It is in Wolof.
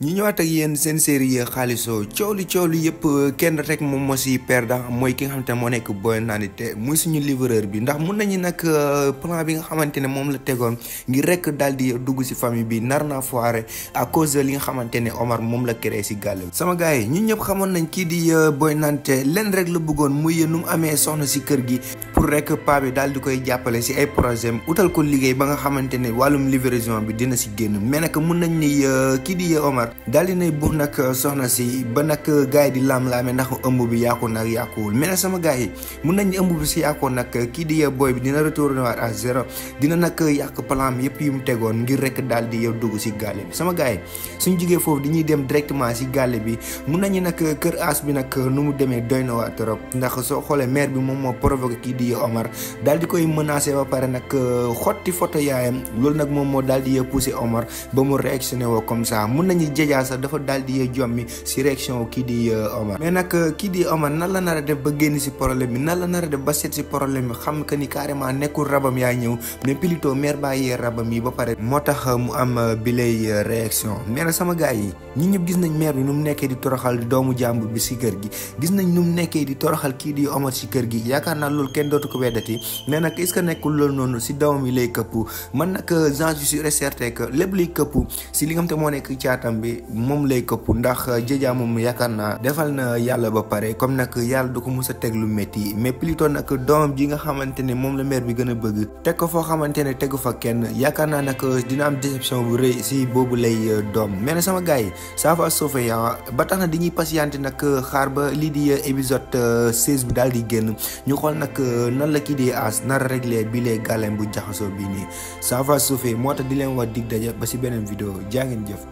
ñu ñëwaat ak yéen seen série yi xaalisoo coow li coow li yëpp kenn rek moom moo si perdant mooy ki nga xamante moo nekk Boy Nandy te muy suñu livreur bi ndax mun nañu nag euh, plan bi nga xamante ne moom la tegoon ngi rek daal di dugg si famille bi nar naa foire à cause de li nga xamante ne Omar moom la créé si gàll sama gars yi ñun ñëpp xamoon nañ kii di euh, Boy Nandy lenn rek la bëggoon muy nu mu amee soxna si kër gi pour rek paa bi daal di koy jàppale si ay projet utal ko liggéey ba nga xamante ne wàllum livraison bi dina si génn mais nag mun nañ ni euh, kii di yee euh, Omar daal di nay buux nag euh, soxna si ba nag gars yi di laam-laame ndax ëmb bi yàqu nag yàquwul mais nag sama gars yi mun nañ ëmb bi si yàqoon nag kii di yee booy bi dina retourné waat à zéro dina nag yàq plan yëpp yu mu tegoon ngir rek daal di yow dugg si gaale bi sama gars yi suñ jugee foofu ñuy dem directement si gaale bi mun nañu nag kër as bi nag nu mu demee doy na waa trop ndax soo xoolee di di koy menacé ba pare nag euh, xotti photo yaayam loolu nag moom moo daal di poussé Omar ba mu réactionné woo comme ça mun nañu jëjaa sax dafa daal di jommi si réaction kii di euh, Omar mais nag euh, kii di Omar nan la nar a ba génn si problème bi nan la nar a ba seet si problème bi xam que ni carrément nekkul rabam yaa ñëw mais plutôt mère bàyyi rabam yi ba pare moo tax mu am bi lay réaction nee na sama gars yi ñu ñëpp gis nañ mère bi nu mu nekkee di toroxal doomu jàmbur bi si kër gi gis nañ nu mu nekkee dootu ko weddati mais nag est-ce que nekkul loolu noonu nag euh, li nga xam te moo nekk caatam bi moom lay këpp ndax euh, jëjaa moom yaakaar naa defal na yàlla ba pare comme nag yàlla du ko mos a teg lu métti mais plutôt nag doomam ji nga xamante ne moom la mère bi gën a bëgg teg ko foo xamante ne tegu fa kenn yaakaar naa nak euh, dina am déception bu rëy si boobu lay doom mais nag sama gars yi ça va sauver ba tax na dañuy patienter nag xaar ba lii di épisode 16 bi daal di génn ñu xool nag nan la kii di As nar a réglé bile gàllam bu jaxasoo bii nii ça va suufee moo tax di leen wax dig daje ba ci beneen vidéo jaa ngeen jëf.